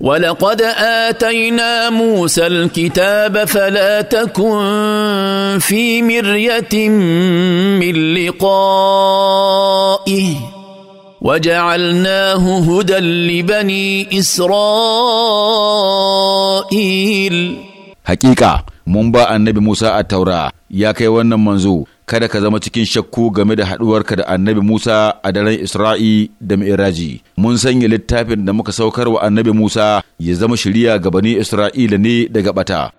ولقد اتينا موسى الكتاب فلا تكن في مريه من لقائه وجعلناه هدى لبني اسرائيل حقيقه من النبي موسى التوراه يا كي wannan منزو kada ka zama cikin shakku game da haɗuwarka da annabi Musa a daren Isra'i da mi'iraji Mun sanya littafin da muka saukar wa annabi Musa ya zama shirya ga Isra'ila ne daga ɓata.